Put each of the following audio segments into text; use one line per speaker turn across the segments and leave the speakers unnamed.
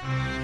Bye.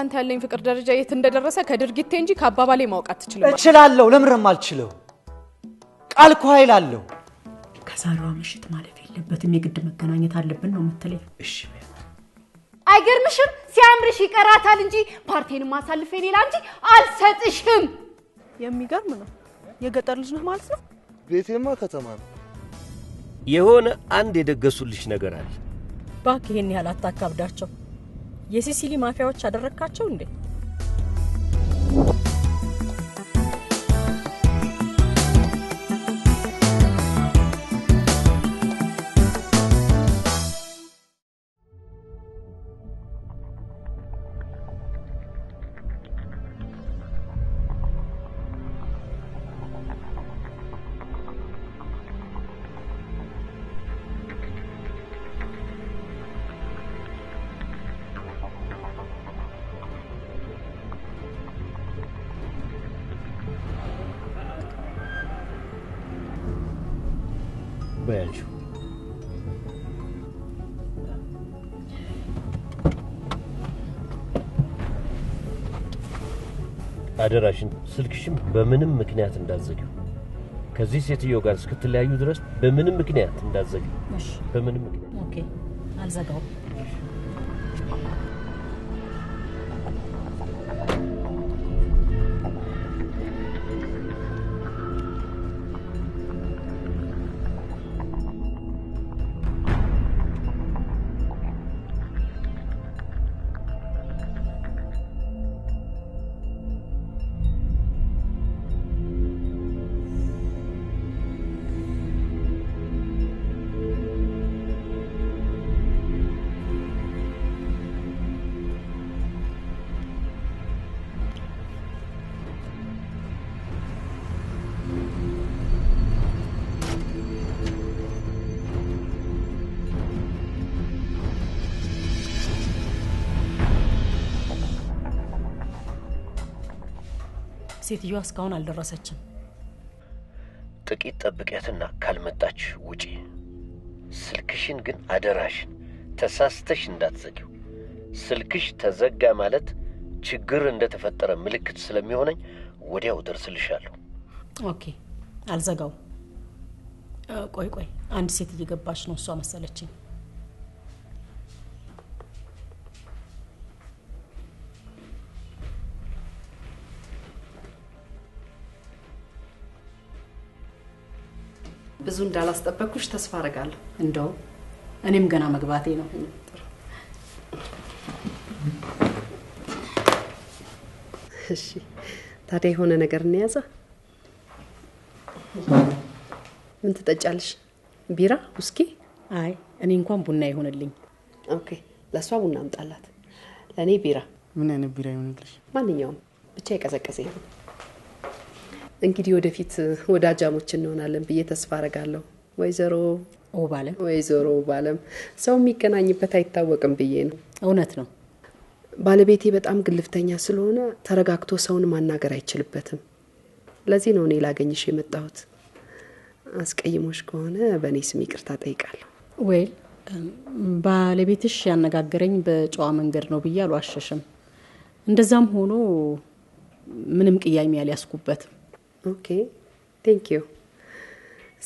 ለአንተ ያለኝ ፍቅር ደረጃ የት እንደደረሰ ከድርጊቴ እንጂ ከአባባሌ ማውቃት አትችልም።
እችላለሁ። ለምንም አልችለው ቃል እኮ ኃይል አለው።
ከዛሬዋ ምሽት ማለፍ የለበትም የግድ መገናኘት አለብን ነው የምትለኝ?
እሺ
አይገርምሽም? ሲያምርሽ ይቀራታል እንጂ ፓርቴን ማሳልፌ ሌላ እንጂ አልሰጥሽም።
የሚገርም ነው። የገጠር ልጅ ነህ ማለት ነው።
ቤቴማ ከተማ ነው። የሆነ አንድ የደገሱልሽ ነገር አለ።
እባክህ ይህን ያህል አታካብዳቸው። የሲሲሊ ማፊያዎች አደረግካቸው እንዴ?
አደራሽን ስልክሽም በምንም ምክንያት እንዳዘጊው ከዚህ ሴትዮ ጋር እስክትለያዩ ድረስ በምንም ምክንያት እንዳዘጊው። በምንም ምክንያት
ኦኬ፣ አልዘጋውም። ሴትዮዋ እስካሁን አልደረሰችም።
ጥቂት ጠብቂያትና ካልመጣች ውጪ። ስልክሽን ግን አደራሽን ተሳስተሽ እንዳትዘጊው። ስልክሽ ተዘጋ ማለት ችግር እንደተፈጠረ ምልክት ስለሚሆነኝ ወዲያው ደርስልሻለሁ።
ኦኬ፣ አልዘጋው። ቆይ ቆይ፣ አንድ ሴት እየገባች ነው። እሷ መሰለችኝ። ብዙ እንዳላስጠበቅኩሽ ተስፋ አደርጋለሁ። እንደው እኔም ገና መግባቴ ነው።
እሺ፣ ታዲያ የሆነ ነገር እንያዛ። ምን ትጠጫለሽ? ቢራ፣ ውስኪ?
አይ እኔ እንኳን ቡና ይሆንልኝ።
ኦኬ፣ ለእሷ ቡና አምጣላት፣ ለእኔ ቢራ።
ምን አይነት ቢራ ይሆንልሽ?
ማንኛውም ብቻ የቀዘቀዘ ይሆን። እንግዲህ ወደፊት ወዳጃሞች እንሆናለን ብዬ ተስፋ አረጋለሁ። ወይዘሮ ውባለም ወይዘሮ ውባለም ሰው የሚገናኝበት አይታወቅም ብዬ ነው። እውነት ነው። ባለቤቴ በጣም ግልፍተኛ ስለሆነ ተረጋግቶ ሰውን ማናገር አይችልበትም። ለዚህ ነው እኔ ላገኝሽ የመጣሁት። አስቀይሞሽ ከሆነ በእኔ ስም ይቅርታ ጠይቃለሁ።
ወይል ባለቤትሽ ያነጋገረኝ በጨዋ መንገድ ነው ብዬ አልዋሸሽም። እንደዛም ሆኖ ምንም ቅያሜ አልያዝኩበትም።
ኦኬ ቴንክ ዩ።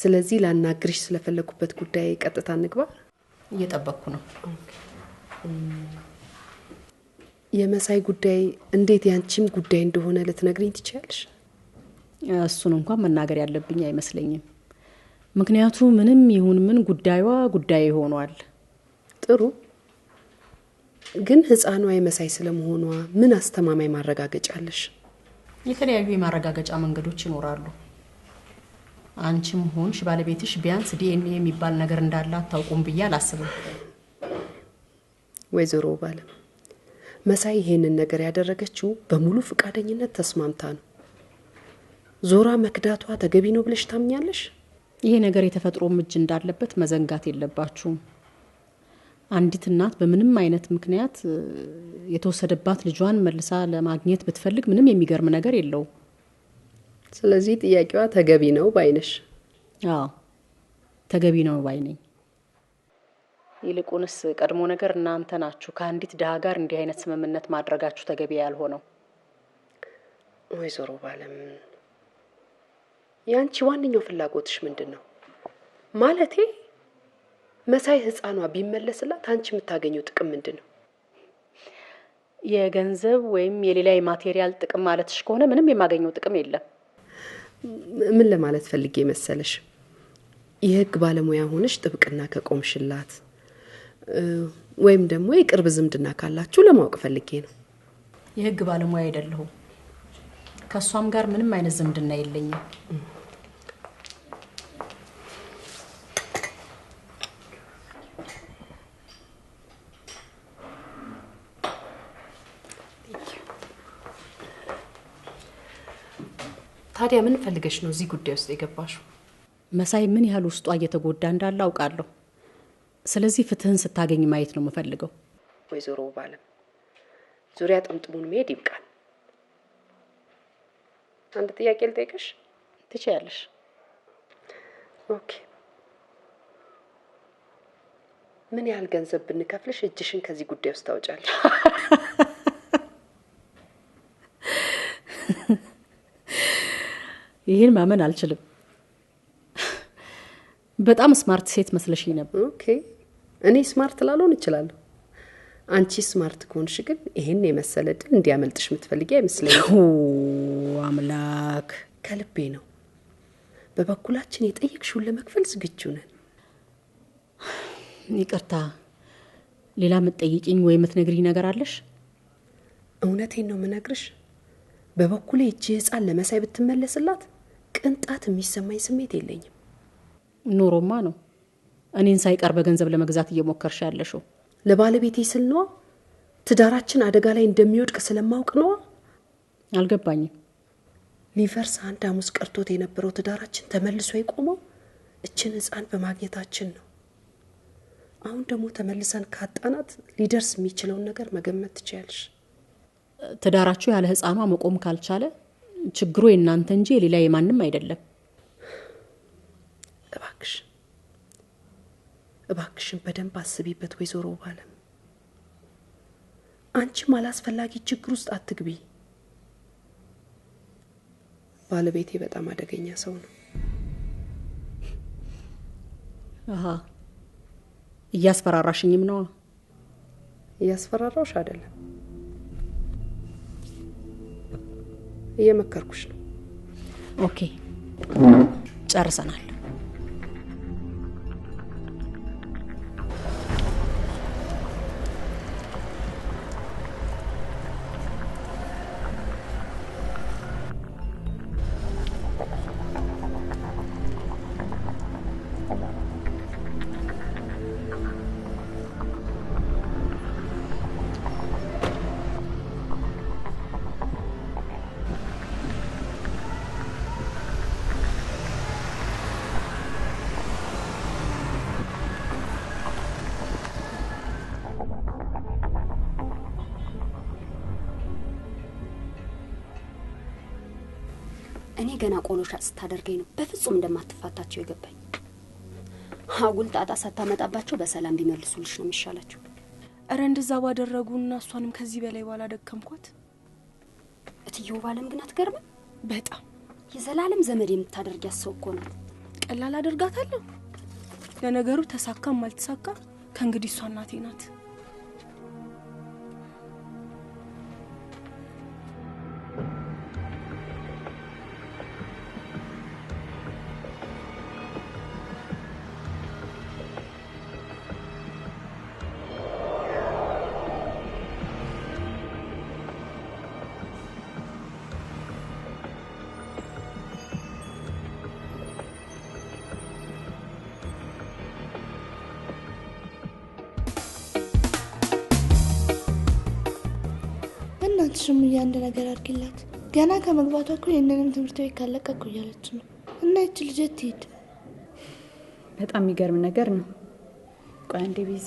ስለዚህ ላናግርሽ ስለፈለግኩበት ጉዳይ ቀጥታ ንግባ
እየጠበቅኩ ነው።
የመሳይ ጉዳይ እንዴት ያንቺም ጉዳይ እንደሆነ ልትነግሪኝ ትችያለሽ?
እሱን እንኳን መናገር ያለብኝ አይመስለኝም። ምክንያቱ ምንም ይሁን ምን ጉዳዩዋ ጉዳይ ሆኗል።
ጥሩ ግን ህፃኗ የመሳይ ስለመሆኗ ምን አስተማማኝ ማረጋገጫ
የተለያዩ የማረጋገጫ መንገዶች ይኖራሉ። አንቺም ሆንሽ ባለቤትሽ ቢያንስ ዲኤንኤ የሚባል ነገር እንዳለ አታውቁም ብዬ አላስብም።
ወይዘሮ ባለ መሳይ ይሄንን ነገር ያደረገችው በሙሉ ፈቃደኝነት ተስማምታ ነው። ዞራ መክዳቷ ተገቢ ነው ብለሽ ታምኛለሽ?
ይሄ ነገር የተፈጥሮ እጅ እንዳለበት መዘንጋት የለባችሁም። አንዲት እናት በምንም አይነት ምክንያት የተወሰደባት ልጇን መልሳ ለማግኘት ብትፈልግ ምንም የሚገርም ነገር የለውም።
ስለዚህ ጥያቄዋ ተገቢ ነው ባይነሽ?
አዎ ተገቢ ነው ባይነኝ።
ይልቁንስ ቀድሞ ነገር እናንተ ናችሁ ከአንዲት ድሀ ጋር እንዲህ አይነት ስምምነት ማድረጋችሁ ተገቢ ያልሆነው። ወይዘሮ ባለም የአንቺ ዋነኛው ፍላጎትሽ ምንድን ነው ማለቴ መሳይ ህፃኗ ቢመለስላት አንቺ የምታገኘው ጥቅም ምንድን ነው?
የገንዘብ ወይም የሌላ የማቴሪያል ጥቅም ማለትሽ ከሆነ ምንም የማገኘው ጥቅም የለም።
ምን ለማለት ፈልጌ መሰለሽ፣ የህግ ባለሙያ ሆነሽ ጥብቅና ከቆምሽላት ወይም ደግሞ የቅርብ ዝምድና ካላችሁ ለማወቅ ፈልጌ ነው።
የህግ ባለሙያ አይደለሁም። ከእሷም ጋር ምንም አይነት ዝምድና የለኝም። ታዲያ ምን ፈልገሽ ነው እዚህ ጉዳይ ውስጥ የገባሽው? መሳይ ምን ያህል ውስጧ እየተጎዳ እንዳለ አውቃለሁ። ስለዚህ ፍትህን ስታገኝ ማየት ነው የምፈልገው።
ወይዘሮ ባለም ዙሪያ ጥምጥሙን መሄድ ይብቃል። አንድ ጥያቄ ልጠይቅሽ ትችያለሽ? ኦኬ። ምን ያህል ገንዘብ ብንከፍልሽ እጅሽን ከዚህ ጉዳይ ውስጥ ታውጫለሽ?
ይህን ማመን አልችልም። በጣም ስማርት ሴት መስለሽ ነበር።
ኦኬ እኔ ስማርት ላልሆን እችላለሁ። አንቺ ስማርት ከሆንሽ ግን ይህን የመሰለ ድል እንዲያመልጥሽ የምትፈልጊ አይመስለኝም።
አምላክ
ከልቤ ነው። በበኩላችን የጠየቅሽውን ለመክፈል ዝግጁ ነን።
ይቅርታ፣ ሌላ የምትጠይቂኝ ወይ የምትነግሪኝ ነገር አለሽ?
እውነቴን ነው ምነግርሽ በበኩሌ እጅ ህፃን ለመሳይ ብትመለስላት ቅንጣት የሚሰማኝ ስሜት የለኝም።
ኑሮማ ነው እኔን ሳይቀር በገንዘብ ለመግዛት እየሞከርሽ ያለሽው።
ለባለቤቴ ስል ነዋ። ትዳራችን አደጋ ላይ እንደሚወድቅ ስለማውቅ ነዋ። አልገባኝም። ሊቨርስ አንድ ሐሙስ ቀርቶት የነበረው ትዳራችን ተመልሶ የቆመው እችን ህፃን በማግኘታችን ነው። አሁን ደግሞ ተመልሰን ካጣናት ሊደርስ የሚችለውን ነገር መገመት ትችያለሽ።
ትዳራችሁ ያለ ህፃኗ መቆም ካልቻለ ችግሩ የእናንተ እንጂ የሌላ የማንም አይደለም።
እባክሽ እባክሽን በደንብ አስቢበት ወይዘሮ ባለም፣ አንቺም አላስፈላጊ ችግር ውስጥ አትግቢ። ባለቤቴ በጣም አደገኛ ሰው ነው።
አሀ እያስፈራራሽኝም ነዋ።
እያስፈራራውሽ አይደለም እየመከርኩሽ ነው።
ኦኬ ጨርሰናል።
እኔ ገና ቆሎሻ ስታደርገኝ ነው በፍጹም እንደማትፋታቸው የገባኝ። አጉል ጣጣ ሳታመጣባቸው በሰላም ቢመልሱልሽ ነው የሚሻላቸው።
እረ እንደዛ ባደረጉና እሷንም ከዚህ በላይ ባላደከምኳት።
እትየው ባለም ግን ገርመን በጣም የዘላለም ዘመድ የምታደርጊያት ሰው እኮ ናት።
ቀላል አደርጋታለሁ። ለነገሩ ተሳካም አልተሳካም ከእንግዲህ እሷ እናቴ ናት።
እህትሽም አንድ ነገር አድርጊላት። ገና ከመግባቷ እኮ ይህንንም ትምህርት ቤት ካለቀኩ እያለች ነው። እና ይች ልጅ ትሄድ።
በጣም የሚገርም ነገር ነው። ቆይ አንዴ ቢዚ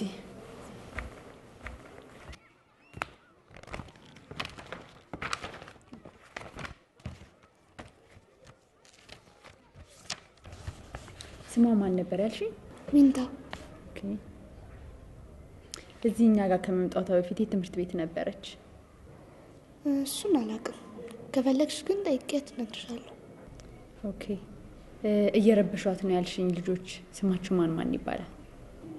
ስሟ ማን ነበር ያልሽ? ሚንታ። እዚህ እኛ ጋር ከመምጣቷ በፊት የትምህርት ቤት ነበረች።
እሱን አላውቅም። ከፈለግሽ ግን ጠይቄያት እነግርሻለሁ።
ኦኬ። እየረበሿት ነው ያልሽኝ ልጆች ስማችሁ ማን ማን ይባላል?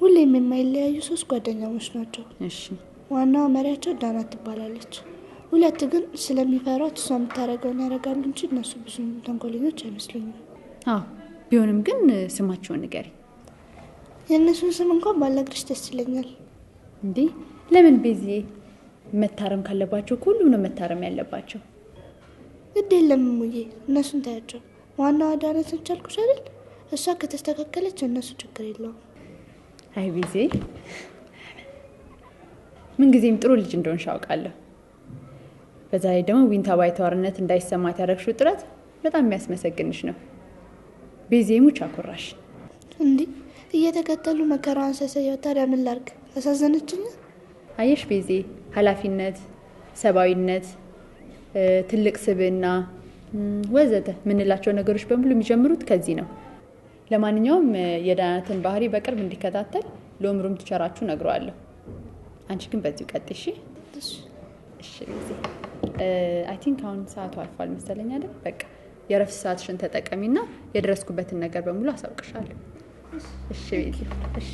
ሁሌም የማይለያዩ ሶስት ጓደኛሞች ናቸው። እሺ። ዋናዋ መሪያቸው ዳና ትባላለች። ሁለት ግን ስለሚፈሯት እሷ የምታደርገውን ያደርጋሉ እንጂ እነሱ ብዙ ተንኮለኞች አይመስለኝም።
አዎ ቢሆንም ግን ስማቸውን ንገሪ።
የእነሱን ስም እንኳን ባልነግርሽ ደስ ይለኛል።
እንዲህ ለምን ቤዚዬ? መታረም ካለባቸው ሁሉንም መታረም ያለባቸው
ግድ የለም ሙዬ፣ እነሱን ታያቸው። ዋና አዳነትን ቻልኩሽ አይደል? እሷ ከተስተካከለች እነሱ ችግር የለውም።
አይ ቤዜ፣ ምንጊዜም ጥሩ ልጅ እንደሆንሽ አውቃለሁ። በዛ ላይ ደግሞ ዊንታ ባይተዋርነት እንዳይሰማት ያደረግሽው ጥረት በጣም የሚያስመሰግንሽ ነው። ቤዜ ሙች አኮራሽ።
እንዲህ እየተከተሉ መከራዋን ሰሰየው። ታዲያ ምን ላርግ? አሳዘነችኝ።
አየሽ ቤዜ ኃላፊነት፣ ሰብአዊነት፣ ትልቅ ስብና ወዘተ የምንላቸው ነገሮች በሙሉ የሚጀምሩት ከዚህ ነው። ለማንኛውም የዳናትን ባህሪ በቅርብ እንዲከታተል ሎምሩም ትቸራችሁ ነግረዋለሁ። አንቺ ግን በዚሁ ቀጥ። እሺ አይ ቲንክ አሁን ሰዓቱ አልፏል መሰለኝ አይደል? በቃ የረፍት ሰዓትሽን ተጠቀሚና የደረስኩበትን ነገር በሙሉ አሳውቅሻለሁ። እሺ እሺ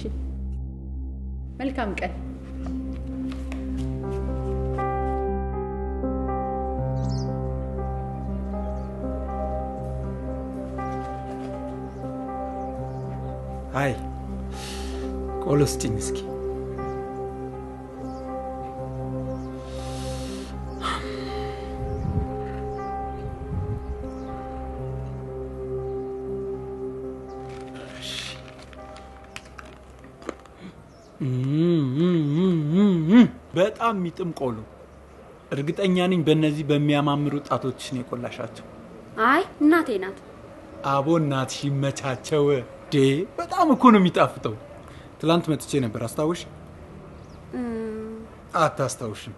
መልካም ቀን።
አይ ቆሎ ስጭኝ በጣም የሚጥም ቆሎ። እርግጠኛ ነኝ በእነዚህ በሚያማምሩ ጣቶችን የቆላሻቸው።
አይ እናቴ ናት።
አቦ እናት ይመቻቸው። ዴ በጣም እኮ ነው የሚጣፍጠው። ትላንት መጥቼ ነበር፣ አስታውሽ? አታስታውሽም።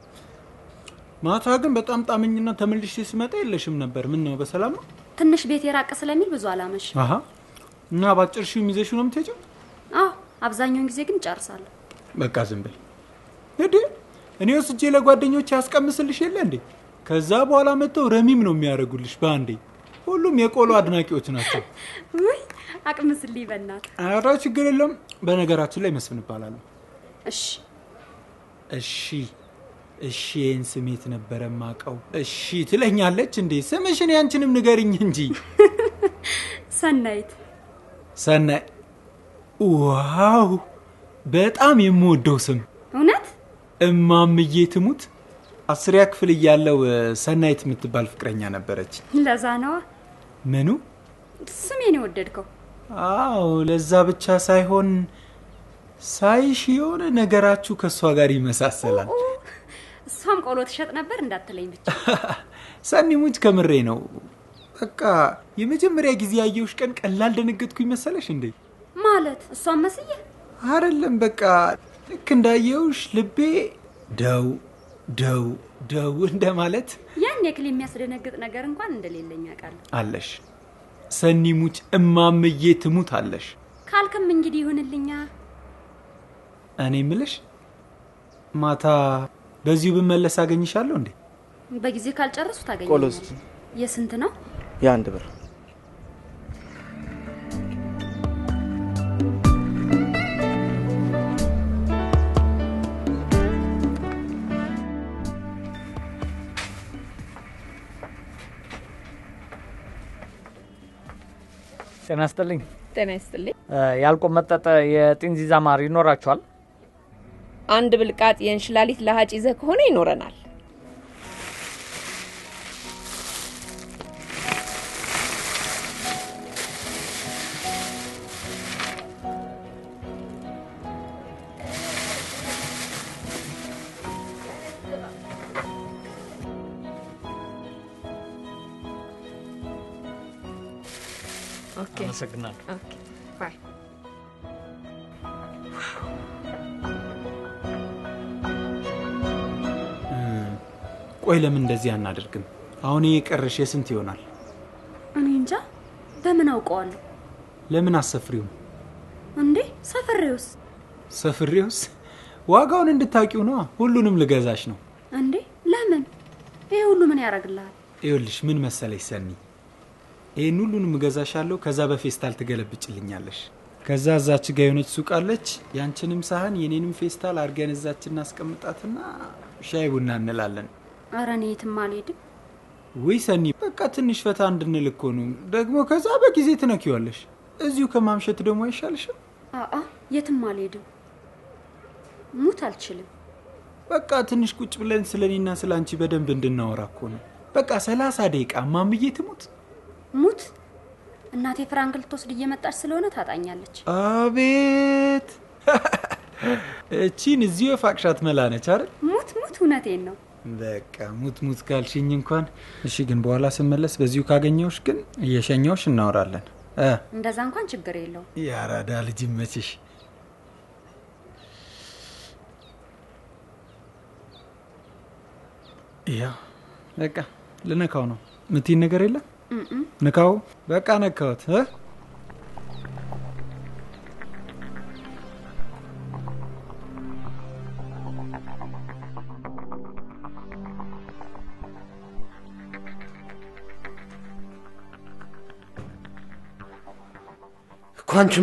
ማታ ግን በጣም ጣመኝና ተመልሼ ስመጣ የለሽም ነበር። ምን ነው በሰላም ነው?
ትንሽ ቤት የራቀ ስለሚል ብዙ አላመሽ
እና ባጭር ሺው የሚዘሽ ነው የምትሄጂው?
አብዛኛውን ጊዜ ግን ጨርሳለሁ።
በቃ ዝም በይ እንዴ። እኔ ወስጄ ለጓደኞች ያስቀምስልሽ የለ እንዴ? ከዛ በኋላ መጥተው ረሚም ነው የሚያደርጉልሽ በአንዴ። ሁሉም የቆሎ አድናቂዎች ናቸው።
ውይ አቅምስልኝ በእናትህ።
ኧረ ችግር የለም። በነገራችን ላይ መስፍን እባላለሁ። እሺ እሺ እሺ፣ ይህን ስሜት ነበረ ማቀው። እሺ ትለኛለች እንዴ? ስምሽን ያንቺንም ንገርኝ እንጂ። ሰናይት ሰናይ። ዋው በጣም የምወደው ስም እውነት። እማምዬ ትሙት አስሪያ ክፍል እያለው ሰናይት የምትባል ፍቅረኛ ነበረች። ለዛ ነዋ። ምኑ
ስሜን የወደድከው?
አዎ ለዛ ብቻ ሳይሆን ሳይሽ የሆነ ነገራችሁ ከእሷ ጋር ይመሳሰላል።
እሷም ቆሎ ትሸጥ ነበር እንዳትለኝ ብቻ
ሰኒ ሙች፣ ከምሬ ነው። በቃ የመጀመሪያ ጊዜ ያየውሽ ቀን ቀላል ደነገጥኩ ይመሰለሽ እንዴ?
ማለት እሷም መስዬ
አይደለም። በቃ ልክ እንዳየውሽ ልቤ ደው ደው ደው እንደማለት
ያን ያክል የሚያስደነግጥ ነገር እንኳን እንደሌለኝ አውቃለሁ።
አለሽ ሰኒ ሙች እማምዬ ትሙት አለሽ
ካልክም እንግዲህ ይሁንልኛ።
እኔ ምልሽ ማታ በዚሁ ብመለስ አገኝሻለሁ እንዴ?
በጊዜ ካልጨረሱ ታገኝ የስንት ነው?
የአንድ ብር
ጤና ይስጥልኝ። ጤና ይስጥልኝ። ያልቆመጠጠ የጢንዚዛ ማር ይኖራችኋል?
አንድ ብልቃጥ የእንሽላሊት ለሀጭ ይዘ ከሆነ ይኖረናል። Okay, bye.
ቆይ ለምን እንደዚህ አናደርግም? አሁን ይሄ ቀርሽ የስንት ይሆናል?
እኔ እንጃ። በምን አውቀዋለሁ?
ለምን አሰፍሪውም
እንዴ? ሰፍሬውስ
ሰፍሬውስ ዋጋውን እንድታቂው ነዋ። ሁሉንም ልገዛሽ ነው
እንዴ? ለምን? ይሄ ሁሉ ምን ያደርግልሃል?
ይኸውልሽ ምን መሰለሽ ሰኒ ይህን ሁሉንም እገዛሻለሁ፣ ከዛ በፌስታል ትገለብጭልኛለሽ። ከዛ እዛች ጋ የሆነች ሱቅ አለች። ያንችንም ሳህን የኔንም ፌስታል አድርገን እዛች እናስቀምጣትና ሻይ ቡና እንላለን።
ኧረ እኔ የትም አልሄድም።
ወይ ሰኒ፣ በቃ ትንሽ ፈታ እንድንል እኮ ነው። ደግሞ ከዛ በጊዜ ትነኪዋለሽ። እዚሁ ከማምሸት ደግሞ አይሻልሽም?
አአ የትም አልሄድም። ሙት አልችልም።
በቃ ትንሽ ቁጭ ብለን ስለኔና ስለ አንቺ በደንብ እንድናወራ እኮ ነው። በቃ ሰላሳ ደቂቃ ማምዬ ትሙት
ሙት እናቴ ፍራንክ ልትወስድ እየመጣች ስለሆነ ታጣኛለች።
አቤት እቺን እዚሁ ፋቅሻት መላነች አይደል?
ሙት ሙት፣ እውነቴን ነው።
በቃ ሙት ሙት ካልሽኝ እንኳን እሺ። ግን በኋላ ስመለስ በዚሁ ካገኘውሽ ግን እየሸኘውሽ እናወራለን።
እንደዛ እንኳን ችግር የለው።
የአራዳ ልጅ መችሽ። ያ በቃ ልነካው ነው። ምትይን ነገር የለም ንካው። በቃ ነካሁት። እኮ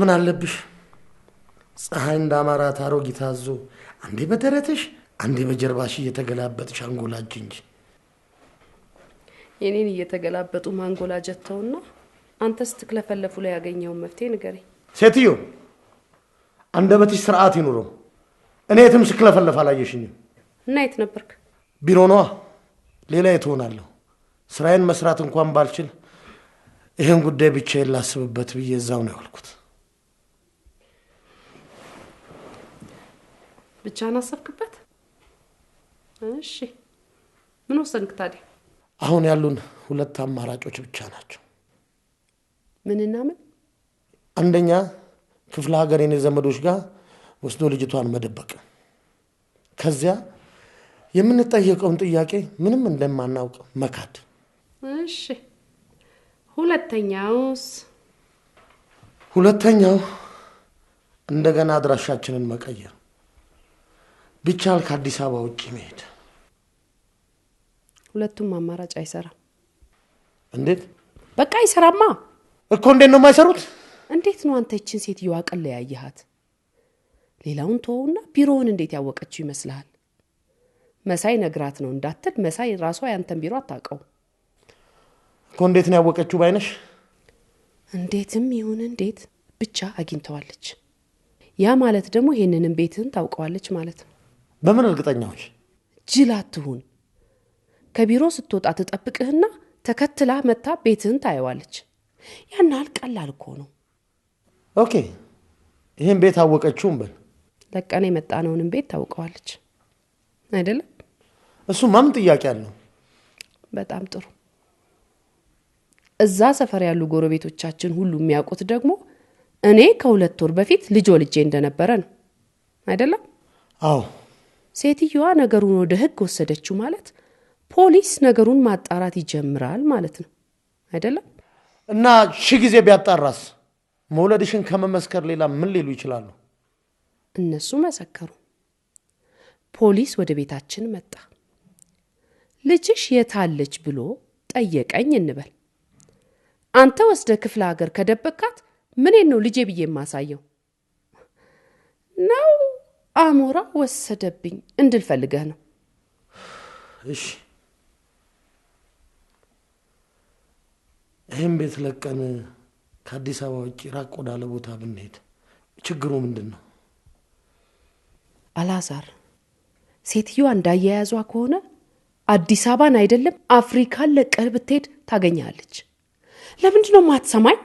ምን አለብሽ? ፀሐይ አማራት አሮጊት አዞ አንዴ በደረትሽ አንዴ በጀርባሽ እየተገላበጥሽ አንጎላጅ እንጂ
የኔን እየተገላበጡ ማንጎላ ጀተውና አንተ ስትክለፈለፉ ላይ ያገኘውን መፍትሄ ንገረኝ።
ሴትዮ አንደበትሽ ስርዓት ይኑረው። እኔ የትም ስክለፈለፍ አላየሽኝም።
እና የት ነበርክ?
ቢሮ ነዋ። ሌላ የት ሆናለሁ? ስራዬን መስራት እንኳን ባልችል ይህን ጉዳይ ብቻዬን ላስብበት ብዬ እዛው ነው ያልኩት።
ብቻህን አሰብክበት? እሺ ምን ወሰንክ ታዲያ?
አሁን ያሉን ሁለት አማራጮች ብቻ ናቸው። ምንና ምን? አንደኛ ክፍለ ሀገር የኔ ዘመዶች ጋር ወስዶ ልጅቷን መደበቅ፣ ከዚያ የምንጠየቀውን ጥያቄ ምንም እንደማናውቅ መካድ።
እሺ፣ ሁለተኛውስ?
ሁለተኛው እንደገና አድራሻችንን መቀየር ቢቻል ከአዲስ አበባ ውጭ መሄድ
ሁለቱም አማራጭ አይሰራም። እንዴት? በቃ አይሰራማ
እኮ። እንዴት ነው የማይሰሩት?
እንዴት ነው አንተ ይችን ሴትዮ አቀለያየሃት? ሌላውን ተወውና ቢሮውን እንዴት ያወቀችው ይመስልሃል? መሳይ ነግራት ነው እንዳትል፣ መሳይ ራሷ ያንተን ቢሮ አታውቀው
እኮ። እንዴት ነው ያወቀችው? ባይነሽ
እንዴትም ይሁን እንዴት ብቻ አግኝተዋለች። ያ ማለት ደግሞ ይህንንም ቤትህን ታውቀዋለች ማለት ነው።
በምን እርግጠኛዎች?
ጅል አትሁን። ከቢሮ ስትወጣ ትጠብቅህና ተከትላ መታ ቤትህን ታየዋለች። ያን ያህል ቀላል እኮ ነው።
ኦኬ፣ ይህን ቤት አወቀችውም በል።
ለቀን የመጣነውንም ቤት ታውቀዋለች አይደለም?
እሱ ምን ጥያቄ አለው?
በጣም ጥሩ። እዛ ሰፈር ያሉ ጎረቤቶቻችን ሁሉ የሚያውቁት ደግሞ እኔ ከሁለት ወር በፊት ልጅ ወልጄ እንደነበረ ነው አይደለም? አዎ። ሴትየዋ ነገሩን ወደ ህግ ወሰደችው ማለት ፖሊስ ነገሩን ማጣራት ይጀምራል ማለት ነው አይደለም?
እና ሺ ጊዜ ቢያጣራስ መውለድሽን ከመመስከር ሌላ ምን ሊሉ ይችላሉ?
እነሱ መሰከሩ። ፖሊስ ወደ ቤታችን መጣ። ልጅሽ የታለች ብሎ ጠየቀኝ እንበል። አንተ ወስደ ክፍለ ሀገር ከደበካት ምኔን ነው ልጄ ብዬ የማሳየው ነው? አሞራ ወሰደብኝ እንድልፈልገህ ነው?
እሺ ይህም ቤት ለቀን ከአዲስ አበባ ውጭ ራቅ ወዳለ ቦታ ብንሄድ ችግሩ ምንድን ነው?
አላዛር፣ ሴትዮዋ እንዳያያዟ ከሆነ አዲስ አበባን አይደለም አፍሪካን ለቀህ ብትሄድ ታገኛለች። ለምንድን ነው ማትሰማኝ?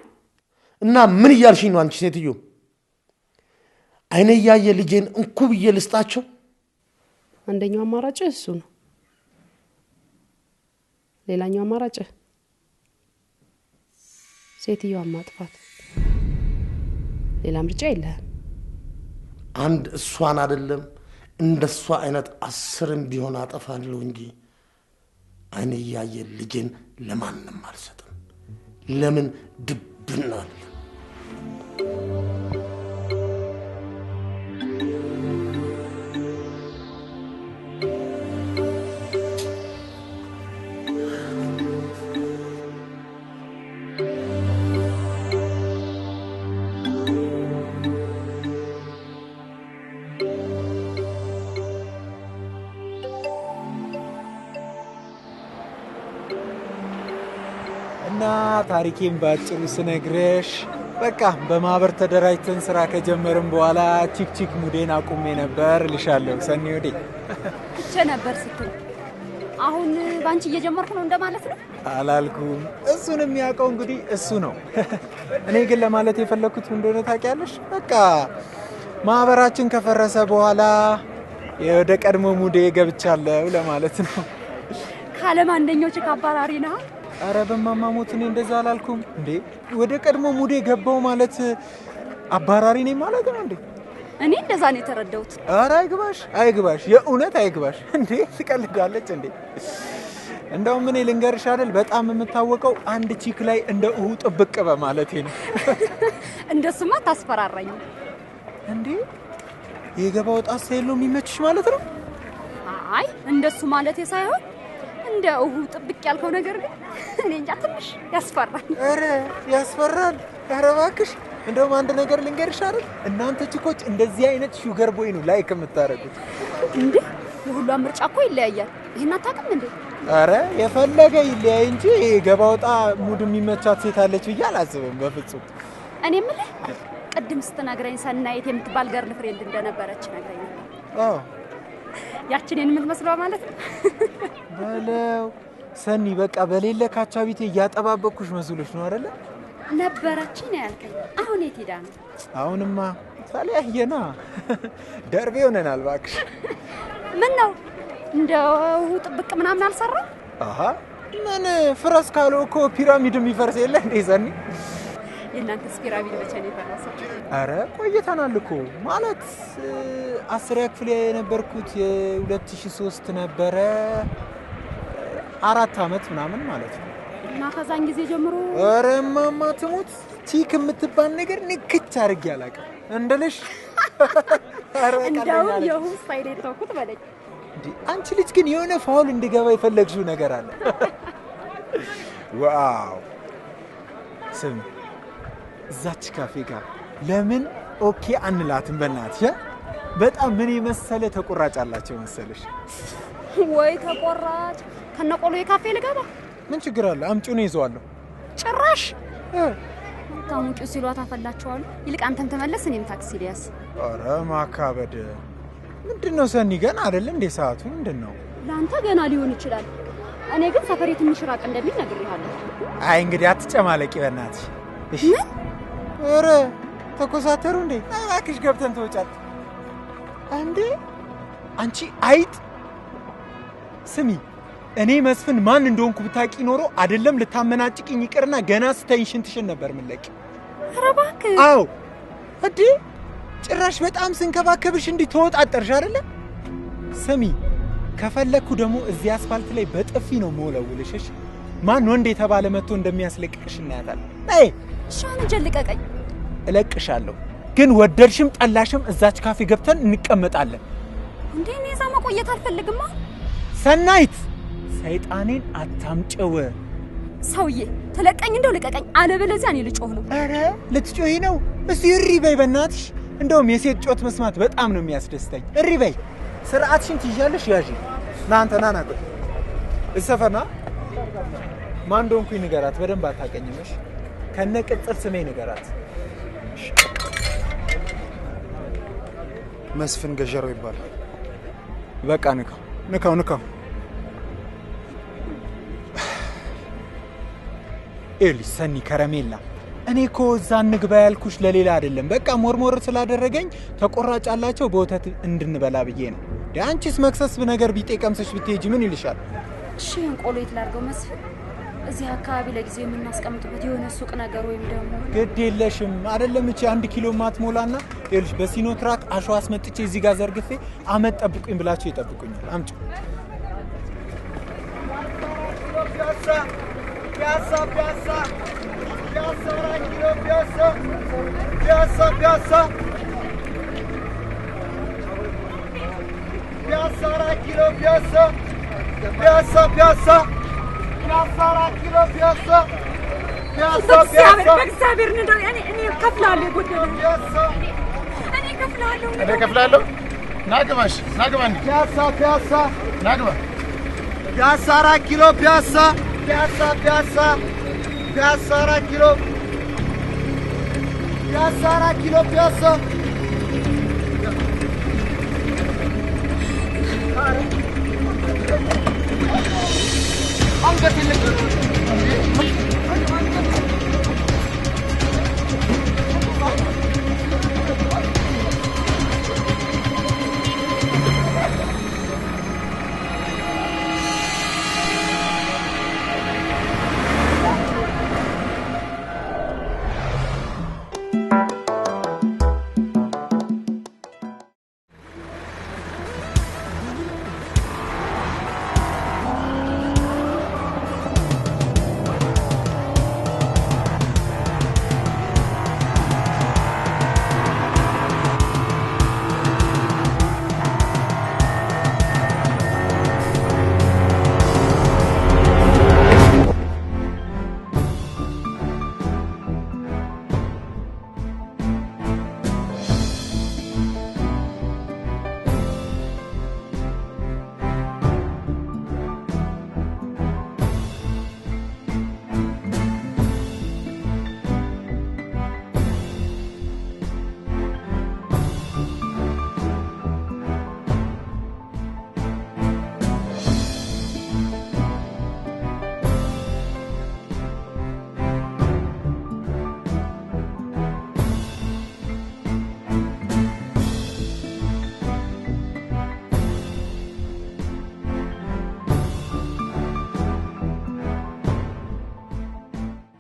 እና ምን እያልሽኝ ነው አንቺ ሴትዮ? አይነ እያየ ልጄን እንኩ ብዬ ልስጣቸው?
አንደኛው አማራጭ እሱ ነው። ሌላኛው አማራጭ ሴትዮዋን ማጥፋት። ሌላ ምርጫ የለህም።
አንድ እሷን አይደለም እንደ እሷ አይነት አስርም ቢሆን አጠፋለሁ እንጂ አይን እያየ ልጄን ለማንም አልሰጥም። ለምን ድብናል
ታሪኬን ባጭሩ ስነግረሽ በቃ በማህበር ተደራጅተን ስራ ከጀመርን በኋላ ቺክቺክ ሙዴን አቁሜ ነበር ልሻለሁ። ሰኒ ወዴ
ትቼ ነበር ስትል አሁን ባንቺ እየጀመርኩ ነው እንደማለት ነው
አላልኩም። እሱን የሚያውቀው እንግዲህ እሱ ነው። እኔ ግን ለማለት የፈለግኩት እንደሆነ ታውቂያለሽ፣ በቃ ማህበራችን ከፈረሰ በኋላ ወደ ቀድሞ ሙዴ ገብቻለሁ ለማለት ነው።
ከዓለም አንደኞች ችክ ነው
አረ በማማ ሞት እኔ እንደዛ አላልኩም እንዴ። ወደ ቀድሞ ሙዴ ገባው ማለት አባራሪ ነኝ ማለት ነው እንዴ?
እኔ እንደዛ ነው የተረዳሁት።
አረ አይግባሽ፣ አይግባሽ፣ የእውነት አይግባሽ። እንዴ ትቀልዳለች እንዴ? እንደውም እኔ ልንገርሽ አይደል በጣም የምታወቀው አንድ ቺክ ላይ እንደ እሁ ጥብቅ በማለቴ ነው።
እንደሱማ ታስፈራራኝ
እንዴ? የገባ ወጣ ሳይሉ የሚመችሽ ማለት ነው?
አይ እንደሱ ማለቴ ሳይሆን እንደው ጥብቅ ያልከው ነገር ግን እኔ እንጃ ትንሽ ያስፈራል።
ኧረ ያስፈራል። ኧረ እባክሽ እንደውም አንድ ነገር ልንገርሽ አይደል፣ እናንተ ችኮች እንደዚህ አይነት ሹገር ቦይ ነው ላይክ የምታደርጉት
እንዴ? የሁሏም ምርጫ እኮ ይለያያል። ይህን አታውቅም እንዴ?
አረ የፈለገ ይለያይ እንጂ ገባ ወጣ ሙድ የሚመቻት ሴት አለች ብዬ አላስብም በፍጹም።
እኔ የምልህ ቅድም ስትነግረኝ ሰናይት የምትባል ገርል ፍሬንድ እንደነበረች ነግረኝ
ነበር።
ያችን የምትመስለው ማለት ነው
በለው ሰኒ። በቃ በሌለ ካቻ ቤቴ እያጠባበቅኩሽ መስሎሽ ነው አይደለ?
ነበረች ነው ያልከኝ። አሁን የት ሄዳ ነው?
አሁንማ ተለያየና ደርቤ ሆነናል። እባክሽ
ምን ነው እንደው ጥብቅ ምናምን አልሰራ?
አሀ ምን ፍረስ ካለው እኮ ፒራሚድ የሚፈርስ የለ እንዴ ሰኒ
የእናንተ ስፔራ ቤት መቼ ነው የፈረሰው?
አረ ቆይተናል እኮ ማለት አስሪያ ክፍል የነበርኩት የ2003 ነበረ አራት አመት ምናምን ማለት ነው።
እና ከዛን ጊዜ ጀምሮ
አረ እማማ ትሙት ቲክ የምትባል ነገር ንክች አድርጌ አላውቅም። እንደልሽ
እንደውም የሁ ስታይል የተውኩት በለኝ።
አንቺ ልጅ ግን የሆነ ፋውል እንዲገባ የፈለግሽው ነገር አለ። ዋው ስም እዛች ካፌ ጋር ለምን ኦኬ አንላትም? በናት በጣም ምን የመሰለ ተቆራጭ አላቸው መሰለሽ።
ወይ ተቆራጭ ከነቆሎ የካፌ ልገባ
ምን ችግር አለ? አምጪው ነው ይዘዋለሁ።
ጭራሽ ታሙቂ ሲሏት አፈላቸዋሉ። ይልቅ አንተም ተመለስ፣ እኔም ታክሲ ሊያስ።
አረ ማካበድ ምንድን ነው ሰኒ? ገና አይደል እንዴ ሰዓቱ? ምንድን ነው
ለአንተ ገና ሊሆን ይችላል። እኔ ግን ሰፈሬ ትንሽ ራቅ እንደሚል ነግሬሃለሁ።
አይ እንግዲህ አትጨማለቂ በናትሽ። ምን ኧረ ተኮሳተሩ እንዴ? እባክሽ ገብተን ተወጫት እንዴ? አንቺ አይጥ! ስሚ እኔ መስፍን ማን እንደሆንኩ ብታቂ ኖሮ አይደለም ልታመናጭቅኝ ይቅርና ገና ስተኝ ሽንትሽን ነበር ምለቅ። ኧረ እባክህ! አዎ እንዴ! ጭራሽ በጣም ስንከባከብሽ እንዲህ ተወጣጠርሽ አይደለ? ስሚ ከፈለግኩ ደግሞ እዚህ አስፋልት ላይ በጥፊ ነው መወለውልሽ። ማን ወንድ የተባለ መጥቶ እንደሚያስለቅቅሽ እናያታል።
እሷን እጄን ልቀቀኝ።
እለቅሻለሁ፣ ግን ወደድሽም ጠላሽም እዛች ካፌ ገብተን እንቀመጣለን።
እንዴ እኔ እዛ መቆየት አልፈልግማ።
ሰናይት፣ ሰይጣኔን አታምጭው።
ሰውዬ ተለቀኝ፣ እንደው ልቀቀኝ፣ አለበለዚያ እኔ ልጮህ ነው።
ኧረ ልትጮሂ ነው? እስቲ እሪ በይ በእናትሽ። እንደውም የሴት ጮት መስማት በጣም ነው የሚያስደስተኝ። እሪ በይ። ስርዓትሽን ትይዣለሽ። ያዥ ናንተ ናናቆ እሰፈና ማን እንደሆንኩኝ ንገራት። በደንብ አታቀኝምሽ ከነ ስሜ ንገራት። መስፍን ገጀራው ይባላል። በቃ ንካው ንካው ንካው። ኤሊ ሰኒ ከረሜላ እኔ እኮ እዛ እንግባ ያልኩሽ ለሌላ አይደለም። በቃ ሞርሞር ስላደረገኝ ተቆራጭ አላቸው በወተት እንድንበላ ብዬ ነው። አንቺስ መክሰስ ነገር ቢጤ ቀምሰሽ ብትሄጂ ምን ይልሻል?
እሺ ቆሎ የት ላድርገው መስፍን እዚህ አካባቢ ለጊዜው የምናስቀምጥበት የሆነ ሱቅ ነገር ወይም ደግሞ
ግድ የለሽም አይደለም። እቺ አንድ ኪሎ ማትሞላና ይኸውልሽ፣ በሲኖ ትራክ አሸዋ አስመጥቼ እዚህ ጋር ዘርግፌ አመት ጠብቁኝ ብላችሁ ይጠብቁኛል። አምጪ
ፒያሳ ፒያሳ نصرت يا صف
يا صف يا صف بدك صابر يعني اني قفله اللي قلت يا صف اني قفله له
انا قفله له ناقمش ناقمني
يا صف يا صف ناقمه Piyasara kilo piyasa. Piyasa piyasa. Piyasara kilo. Piyasara kilo piyasa. Thank you. አንገት ይልቅ